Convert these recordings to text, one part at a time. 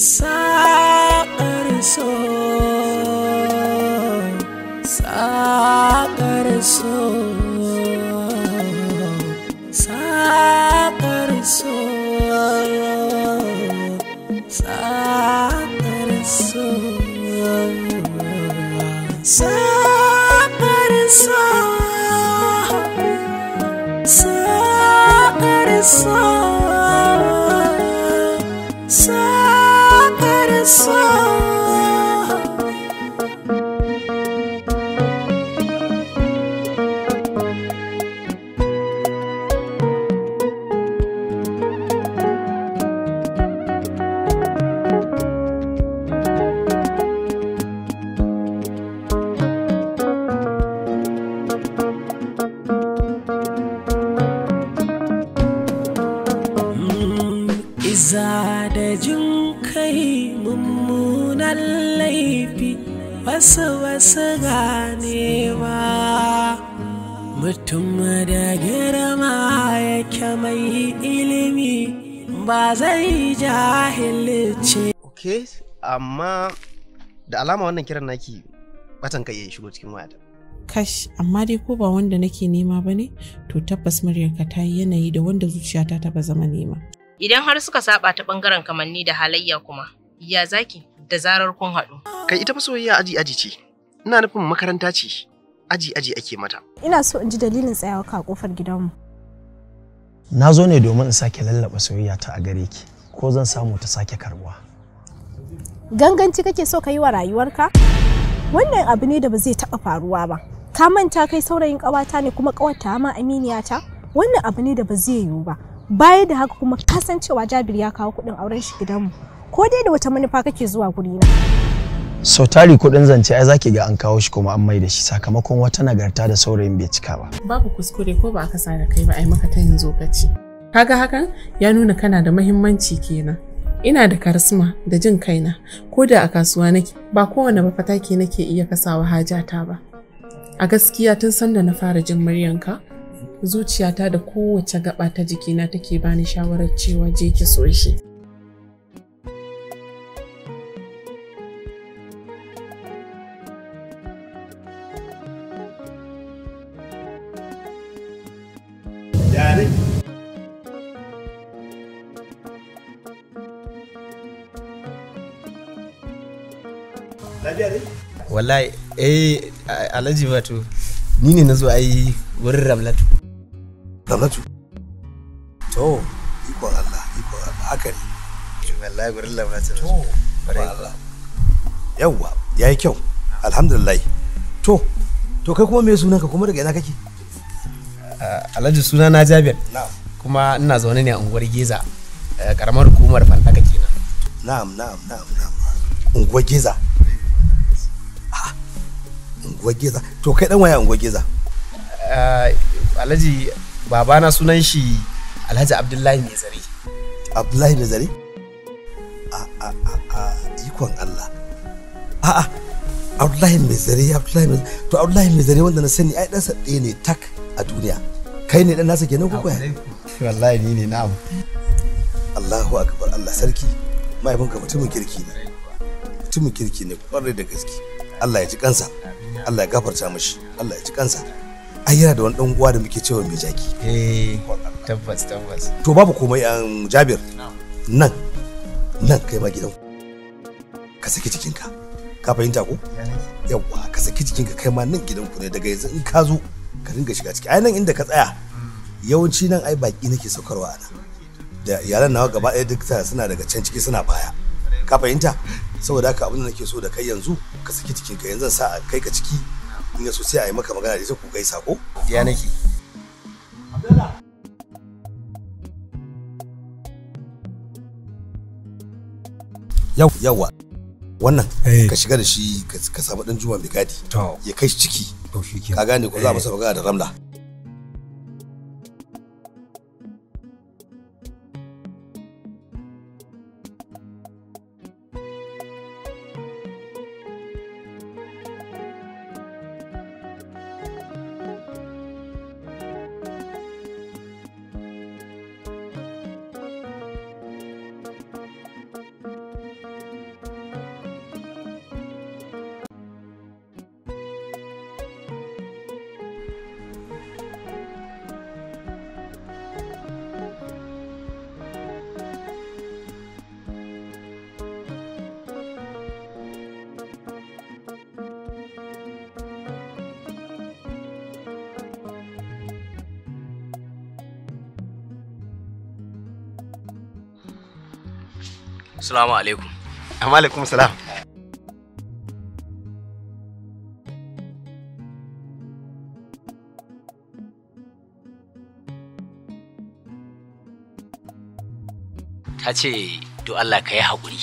Sacareço, sacareço, sacareço, sacareço, sacareço, sacareço. wasu wasu ganewa mutum da girma yake mai ilimi ba zai jahilice ok amma da alama wannan kiran naki batan kai ya shigo cikin wayata kash amma dai ko ba wanda nake nema ba ne to tabbas muryarka ta yi yanayi da wanda zuciyata ta ba zama nema idan har suka saba ta bangaren kamanni da halayya kuma ya zaki da zarar kun haɗu. Kai ita fa soyayya aji aji ce, ina nufin makaranta ce, aji aji ake mata. Ina so in ji dalilin tsayawa ka kofar gidanmu. Na zo ne domin in sake lallaba soyayya ta a gare ki, ko zan samu ta sake karbuwa. Ganganci kake so ka yi wa rayuwarka? Wannan abu ne da ba zai taɓa faruwa ba. Ka manta kai saurayin ƙawata ne kuma ƙawata ma aminiyata? Wannan abu ne da ba zai yiwu ba. Baya da haka kuma kasancewa Jabir ya kawo kuɗin auren shi gidanmu. ko dai da wata manufa kake zuwa guri na sau tari kudin zance ai zaki ga an kawo shi kuma an mai da shi sakamakon wata nagarta da saurayin bai cika ba babu kuskure ko ba aka sa da kai ba ai maka ta yanzu kaci kaga hakan ya nuna kana da muhimmanci kenan ina da karisma da jin kaina ko da a kasuwa nake ba kowane fataki nake iya kasawa hajata ba a gaskiya tun san da na fara jin muryanka zuciyata da kowace gaba ta jikina take bani shawarar cewa je ki so shi wallahi eh alhaji wato ni ne na zo ai wurin ramlatu ramlatu to ikon Allah ikon Allah haka ne wallahi wurin ramlatu to Allah yawwa yayi kyau alhamdulillah to to kai kuma me sunanka kuma daga ina kake alhaji suna na jabir kuma ina zaune ne a unguwar geza eh, karamar hukumar fantaka kenan na'am na'am na'am na'am unguwar geza unguwar to kai dan waye unguwar geza alhaji babana sunan shi alhaji abdullahi mai zare abdullahi mai zare a a a ikon allah a a abdullahi mai zare abdullahi mai to abdullahi mai zare wanda na sani ai sa ɗaya ne tak a duniya kai ne dan nasa kenan ko kai wallahi ni ne na'am allahu akbar allah sarki bunka mutumin kirki ne mutumin kirki ne kwarai da gaske Allah ya ji kansa Allah ya gafarta mishi Allah ya ji kansa ai yana da wani dan uwa da muke cewa mai jaki eh tabbas tabbas to babu komai an um, Jabir nan nan kai ma gidan ka saki jikinka ka fahimta ko yawa ka saki jikinka kai ma nan gidan ku ne daga yanzu in ka zo ka dinga shiga ciki ai nan inda ka tsaya yawanci nan ai baki nake saukarwa a nan da iyalan nawa gaba ɗaya duk suna daga can ciki suna baya ka fahimta saboda haka abin da nake so da kai yanzu ka saki cikin ka yanzu sa kai ka ciki in ga so sai a yi maka magana da sai ku kai sako ya nake yau yawa wannan eh. ka shiga da shi ka samu dan juma bigadi ya kai shi ciki ka gane ko za mu sa eh. magana da ramla Salamu alaikum. Amma alaikum salam. Ta ce to Allah ka yi haƙuri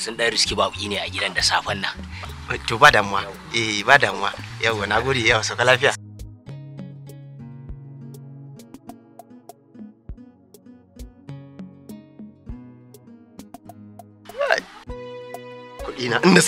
sun ɗan riski ba ne a gidan da safen nan. To ba damuwa, eh ba damuwa, yau na gode yau sauka lafiya. な、うんな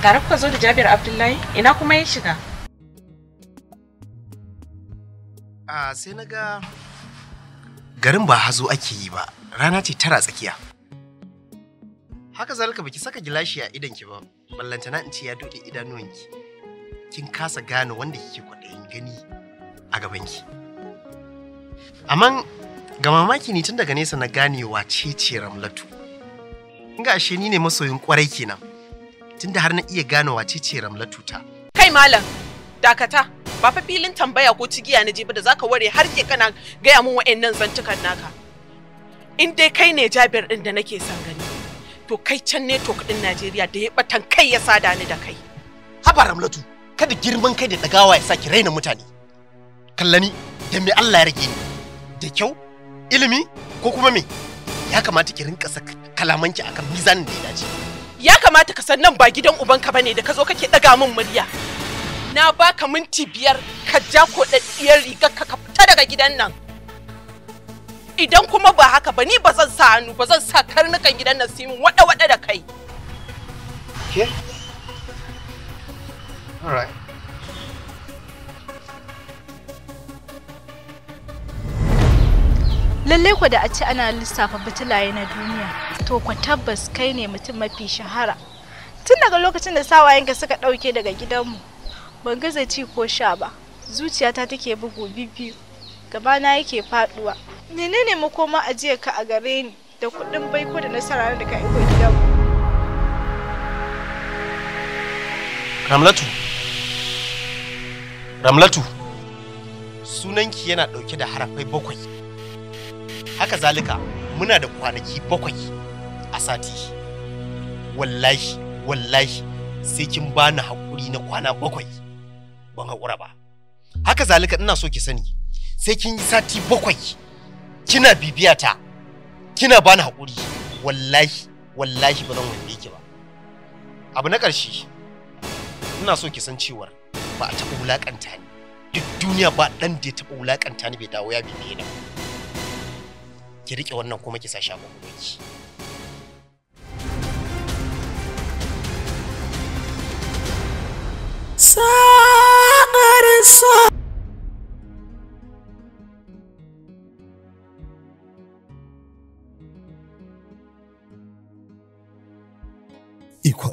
tare kuka zo da jabir abdullahi ina kuma ya shiga a sai na ga garin ba hazo ake yi ba rana ce tara tsakiya haka zalika baki saka gilashi a idanki ba ballantana in ce ya dode idanuwanki kin kasa gane wanda kike kwaɗayin gani a gabanki amma ga mamaki ne tun daga nesa na ganewa ce ce ramlatu ga ashe ni ne masoyin kwarai kenan tunda har na iya gane wace ce Ramlatu ta. Kai malam, dakata, ba fa filin tambaya ko cigiya na je ba da zaka ware har ke kana gaya mun wa'annan zantukan naka. In dai kai ne Jabir din da nake son gani, to kai can ne to kudin Najeriya da ya batan kai ya sada ni da kai. Haba Ramlatu, kada girman kai da dagawa ya saki raina mutane. Kallani, da me Allah ya rage ni? Da kyau, ilimi ko kuma me? Ya kamata ki rinka saka kalamanki akan mizanin da ya dace. ya kamata ka san nan ba gidan ubanka bane da ka zo kake daga min murya na baka minti biyar ka ja ko daddiyar rigar ka fita daga gidan nan idan kuma ba haka ba ni ba zan sa hannu ba zan sa karnukan gidan nan su wada wada da kai ke all lallai ku da a ce ana lissafa fitilaye na duniya to ku tabbas kai ne mutum mafi shahara tun daga lokacin da sawayenka suka ɗauke daga gidanmu ban gaza ci ko sha ba zuciyata take bugu gaba gabana yake faduwa menene makoma ajiyar ka a gare ni da kuɗin baiko da nasara da ka aiko gidanmu ramlatu ramlatu sunanki yana ɗauke da harafai bakwai haka zalika muna da kwanaki bakwai a sati wallahi wallahi sai kin bani haƙuri na kwana bakwai ban haƙura ba haka zalika ina so ki sani sai kin yi sati bakwai kina bibiya ta kina bani haƙuri wallahi wallahi ba zan ki ba abu na ƙarshe ina so ki san cewar ba a taɓa wulaƙanta ni duk duniya ba ɗan da ya taɓa wulaƙanta ni bai dawo ya bibiye ni ba ki rike wannan kuma ki sa shi a ki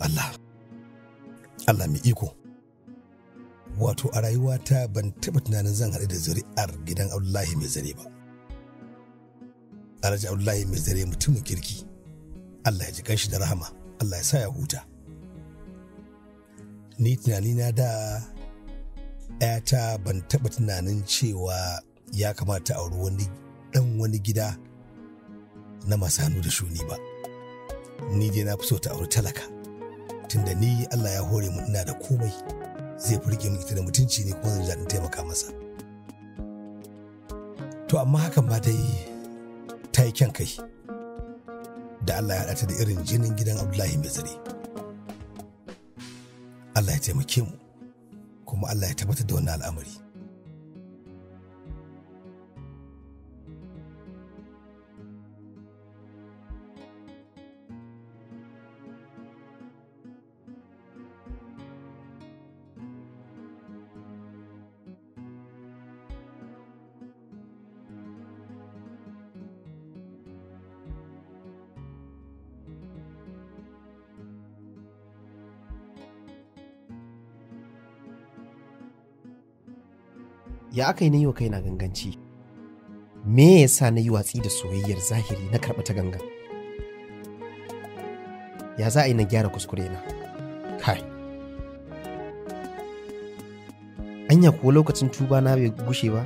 Allah. Allah mai iko. Wato a rayuwata ban taɓa tunanin zan haɗu da zuri'ar gidan Allah mai zare ba. alhaji abdullahi mai zare mutumin kirki allah ya ji shi da rahama allah ya sa ya huta ni tunani na da ‘yata ban taɓa tunanin cewa ya kamata auri wani ɗan wani gida na masu hannu da shuni ba ni dai na fi so ta auri talaka tunda ni allah ya hore mu ina da komai zai fi rike ita da mutunci ne kuma zan taimaka masa to amma hakan ba ta yi yi kyan kai da Allah ya haɗa ta da irin jinin gidan Abdullahi mai Allah ya taimake mu kuma Allah ya tabbatar da wannan al'amari. aka yi na yi wa kaina ganganci me ya sa na yi watsi da soyayyar zahiri na karɓa ta ganga? ya za a yi na gyara kuskure na kai anya kuwa lokacin tuba na bai gushe ba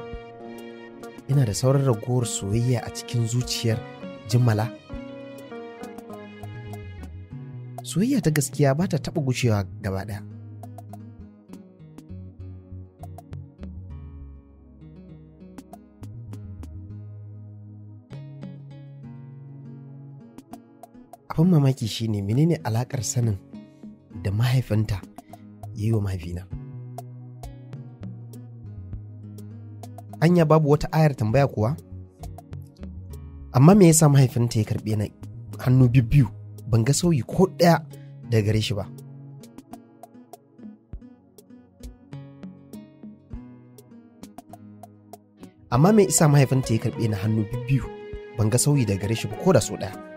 ina da sauran ragowar soyayya a cikin zuciyar jimala. soyayya ta gaskiya ba ta taɓa gushewa gaba ɗaya Abin mamaki shine menene alakar sanin da mahaifinta ya yi wa mahaifina. Anya babu wata ayar tambaya kuwa? Amma me yasa mahaifinta ya karbe na hannu biyu ban ga sauyi ko ɗaya daga gare shi ba. Amma me isa mahaifinta ya karbe na hannu biyu ban ga sauyi daga gare shi ba ko da sau ɗaya.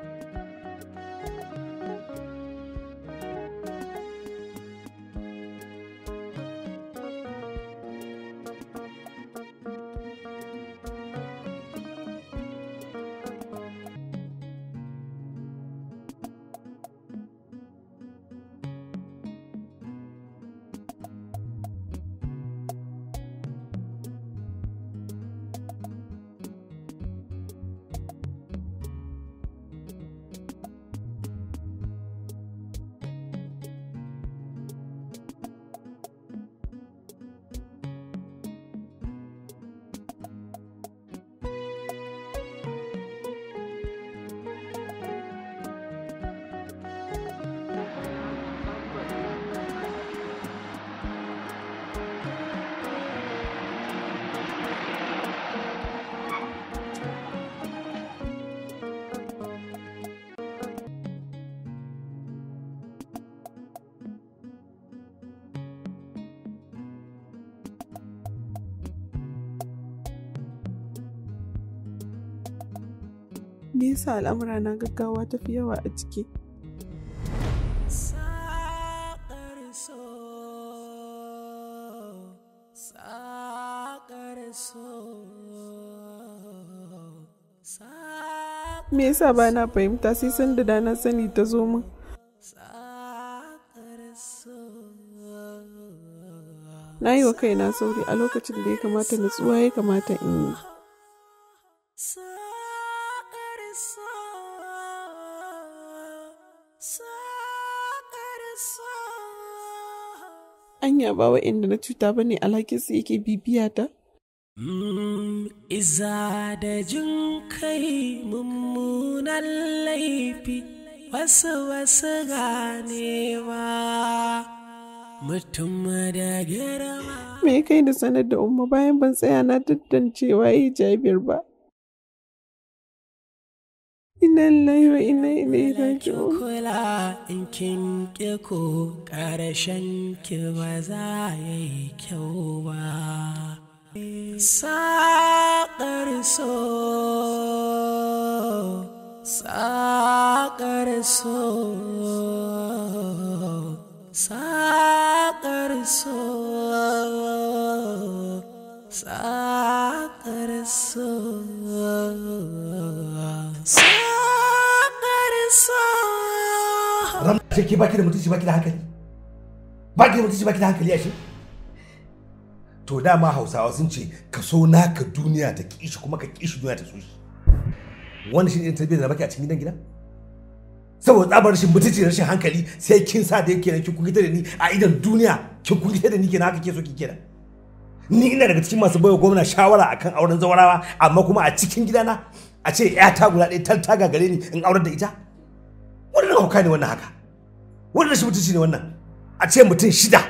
me yasa al'amura na gaggawa ta fi yawa a ciki me yasa ba na fahimta sai san da dana sani ta zo min na yi wa kaina sauri a lokacin da ya kamata natsuwa ya kamata in yi hanya ba inda na cuta ba ne su yake bibiya ta? Mm, iza da jin kai mummunan laifi wasu wasu ganewa mutum da girma. Me kai da sanar da umma bayan ban tsaya na tantancewa yi jabir ba. Inna lillahi wa inna ilaihi raji'un. Kula in kin ki ko ƙarshen ki ba za yi kyau ba. Saƙar so, saƙar so, saƙar so. Sakar so ce ke baki da mutunci baki da hankali baki da mutunci baki da hankali ya ashe to dama Hausawa sun ce ka so naka duniya ta kishi kuma ka kishi duniya ta so shi shi ne tarbiyyar da baki a cikin gidan gidan saboda tsabar rashin mutunci da rashin hankali sai kin sa da yake nan kin kuka da ni a idan duniya kin kuka da ni kenan haka ke so ki kenan ni ina daga cikin masu baiwa gwamna shawara akan auren zawarawa amma kuma a cikin gidana a ce ta guda ɗaya talta gagare ni in aurar da ita wannan hauka ne wannan haka wannan shi mutunci ne wannan a ce mutum shida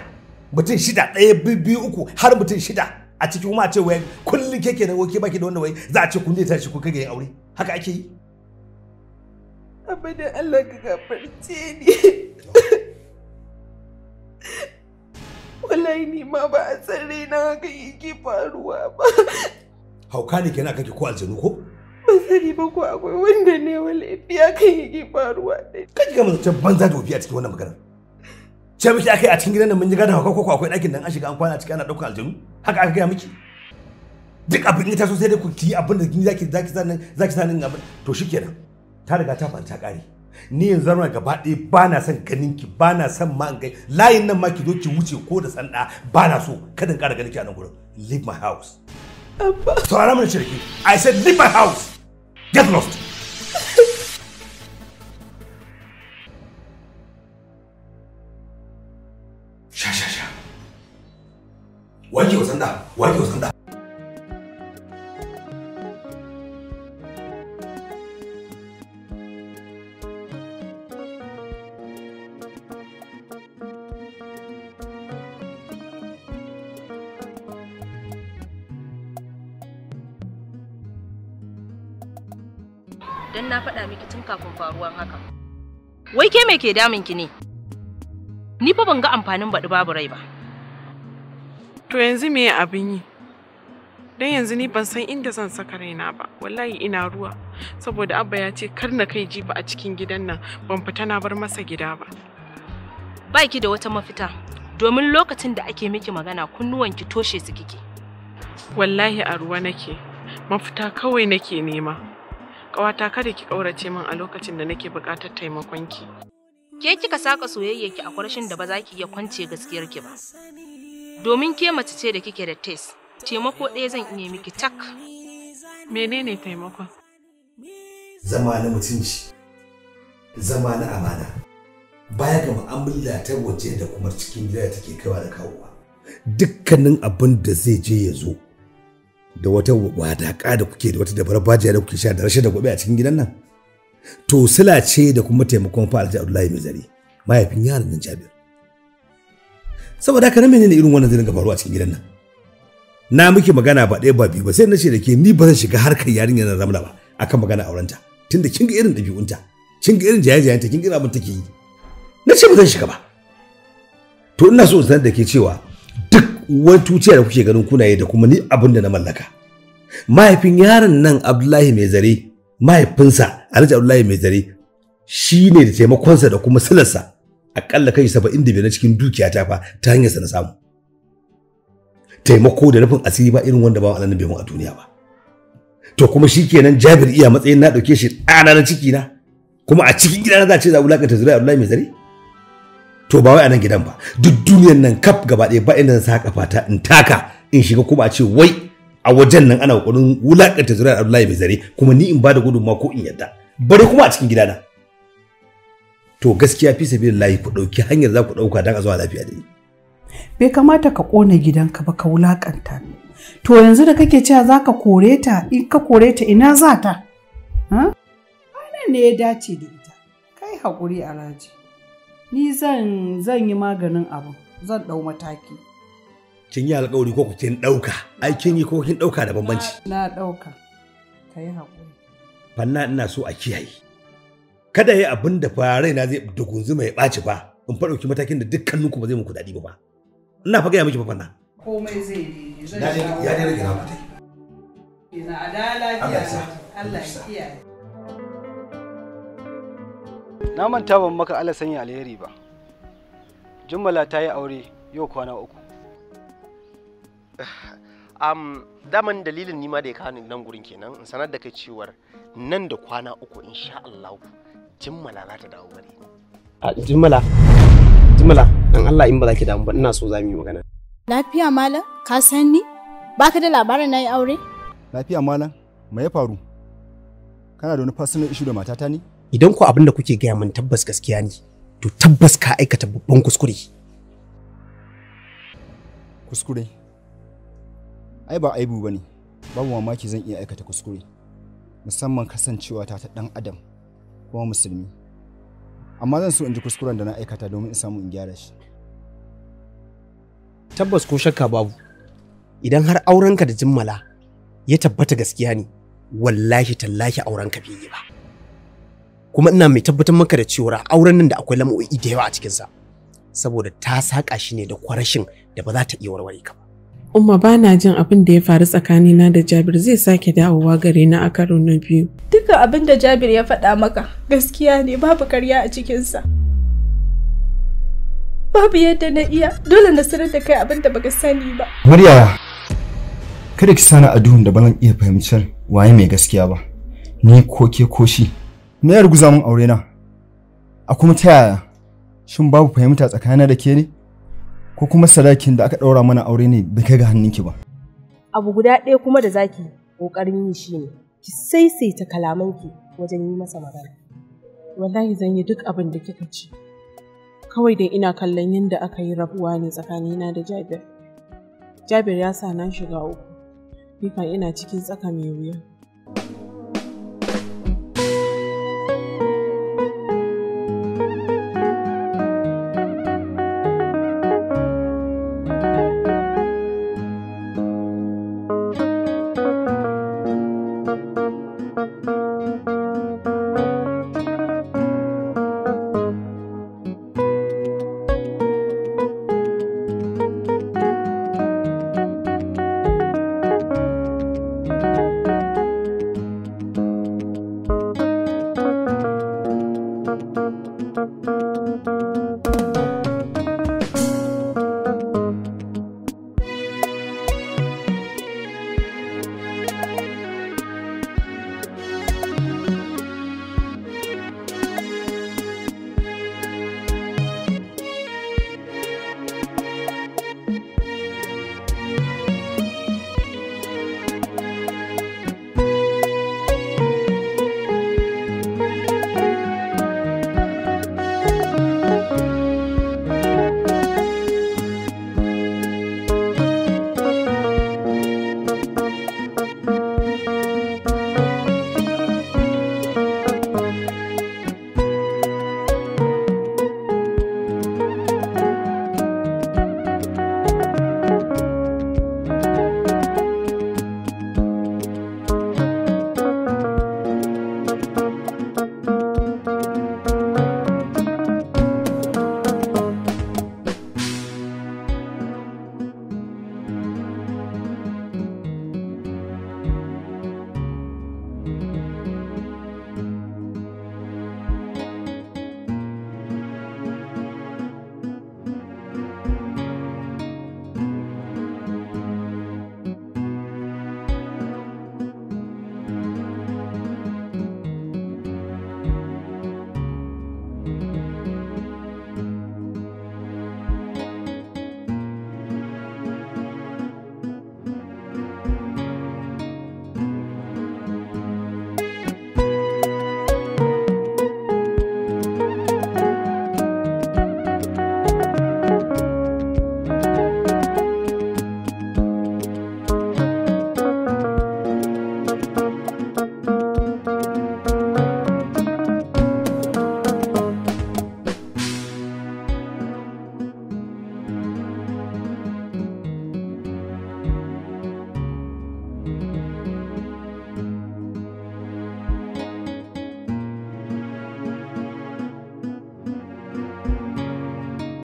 mutum shida ɗaya biyu uku har mutum shida a ciki kuma a ce wai kullum ke kenan wai ke baki da wannan wai za a ce kun ne tashi ku kage yin aure haka ake yi da Allah ka gafarce ni wallahi ni ma ba a san raina haka yake faruwa ba hauka ne kenan kake ko aljanu ko ban sani ba ko akwai wanda ne wallahi haka yake faruwa dai kaji ga mutum banza da a cikin wannan magana ce miki akai a cikin gidan nan mun ji gada hauka ko akwai ɗakin nan an shiga an kwana a ciki ana ɗaukar aljanu haka aka gaya miki duk abin ita so sai dai ku ti abin da zaki zaki sanin zaki sanin abin to shikenan ta riga ta fanta kare ni yanzu zama gaba ɗaya ba na son ganin ki ba na son ma in layin nan ma ki zo ki wuce ko da sanda ba na so kada in ƙara ganin ki a nan gurin leave my house abba saurara mana shirki i said leave my house get lost sha sha sha wake wa sanda wake wa sanda don na faɗa miki tun kafin faruwan haka. Wai ke mai ke damun ki ne? Ni fa ban ga amfanin baɗi babu rai ba. To yanzu me abin yi? Don yanzu ni ban san inda zan saka raina ba, wallahi ina ruwa, saboda Abba ya ce kar na kai jifa a cikin gidan nan ban fita na bar masa gida ba. Ba ki da wata mafita, domin lokacin da ake miki magana kunnuwanki toshe su kike. Wallahi a ruwa nake, mafita kawai nake nema. Ƙawata kada ki ƙaurace min a lokacin da nake buƙatar taimakon ki. Ke kika saka soyayya ki a kwarshin da ba za ki iya kwance gaskiyar ki ba. Domin ke mace ce da kike da taste, taimako ɗaya zan iya miki tak. Menene taimakon? Zama na mutunci, zama na amana. Baya ga mu'amala ta waje da kuma cikin gida take kaiwa da kawowa. Dukkanin abin da zai je ya zo da wata wadaƙa da kuke da wata dabarar bajiya da kuke sha da rashin da gobe a cikin gidan nan to sila ce da kuma taimakon fa alhaji abdullahi mai zare mahaifin yaron nan jabir saboda haka na menene irin wannan zai dinga faruwa a cikin gidan nan na miki magana ba ɗaya ba biyu ba sai na ce da ke ni ba zan shiga harkar yarinyar nan ramla ba akan magana aurenta tunda kin ga irin ɗabi'unta kin ga irin jaye-jayenta kin ga abin take yi na ce ba zan shiga ba to ina so sanar da ke cewa wani tuciya da kuke ganin kuna yi da kuma ni abin da na mallaka mahaifin yaron nan abdullahi mai zare mahaifinsa alhaji abdullahi mai zare shi ne da taimakonsa da kuma silarsa akalla kai saba'in da biyar na cikin dukiyata fa ta hanyarsa na samu taimako da nufin asiri ba irin wanda ba alanin bai a duniya ba to kuma shi kenan jabir iya matsayin na ɗauke shi ɗana na ciki na kuma a cikin gidana za a ce za a wulakanta zuriya abdullahi mai zare to ba wai a nan gidan ba duk duniyar nan kaf gaba ɗaya ba inda zan sa kafata in taka in shiga kuma a ce wai a wajen nan ana kokarin wulakanta zuriyar Abdullahi mai zare kuma ni in bada gudunma ko in yadda bare kuma a cikin gidana to gaskiya fi sabilillahi ku dauki hanyar za ku dauka dan a zuwa lafiya da ni bai kamata ka kona gidanka ba ka wulakanta to yanzu da kake cewa za ka kore ta in ka kore ta ina za ta ha ne ya dace da ita kai hakuri alhaji ni zan yi maganin abu zan ɗau mataki kin yi alkawari ko kin ɗauka ai kin yi ko kin ɗauka da bambanci na ɗauka ka yi haƙuri fanna ina so a kiyaye kada yi abin da fa raina zai dugunzuma ya ɓaci ba in fa ɗauki matakin da dukkaninku ba zai muku daɗi ba ina fa gaya miki ba fanna komai zai yi ya dai rage na mutai ina adala Allah ya kiyaye na manta ban maka Allah sanya alheri ba jummala ta yi aure yau kwana uku um, daman dalilin nima da ya kawo nan gurin kenan in sanar da kai cewar nan da kwana uku insha Allah jummala za ta dawo gare ni a jummala jummala dan Allah in ba za ki damu ba ina so za mu yi magana lafiya malam ka san ni baka da labarin nayi aure lafiya malam me ya faru kana da wani personal issue da matata ne idan ku abin da kuke gaya min tabbas gaskiya ne to tabbas ka aikata babban kuskure kuskure ai ba aibu bane babu mamaki zan iya aikata kuskure musamman kasancewa ta ta dan adam kuma musulmi amma zan so in ji kuskuren da na aikata domin in samu in gyara shi tabbas ko shakka babu idan har aurenka da jimmala ya tabbata gaskiya ne wallahi tallahi aurenka bai yi ba kuma ina mai tabbatar maka da cewa auren nan da akwai lam'oi da yawa a cikinsa saboda ta saƙa shi ne da kwarashin da ba za ta iya warware ka ba. Umma ba na jin abin da ya faru tsakanina da Jabir zai sake dawowa gare na a karo na biyu. Duka abin da Jabir ya faɗa maka gaskiya ne babu karya a cikinsa. Babu yadda na iya dole na sanar da kai abin da baka sani ba. Murya kada ki sani a duhun da ban iya fahimtar waye mai gaskiya ba. Ni ko ke ko shi me ya ruguza min aure na a kuma ta yaya shin babu fahimta tsakanina da ke ne ko kuma sadakin da aka ɗaura mana aure ne bai kai ga hannunki ba abu guda ɗaya kuma da zaki ƙoƙarin yi shi ne ki saisaita kalamanki wajen yi masa magana wallahi zan yi duk abin da kika ce kawai dai ina kallon yadda aka yi rabuwa ne tsakanina da jabir jabir ya sa na shiga uku ni ina cikin tsaka mai wuya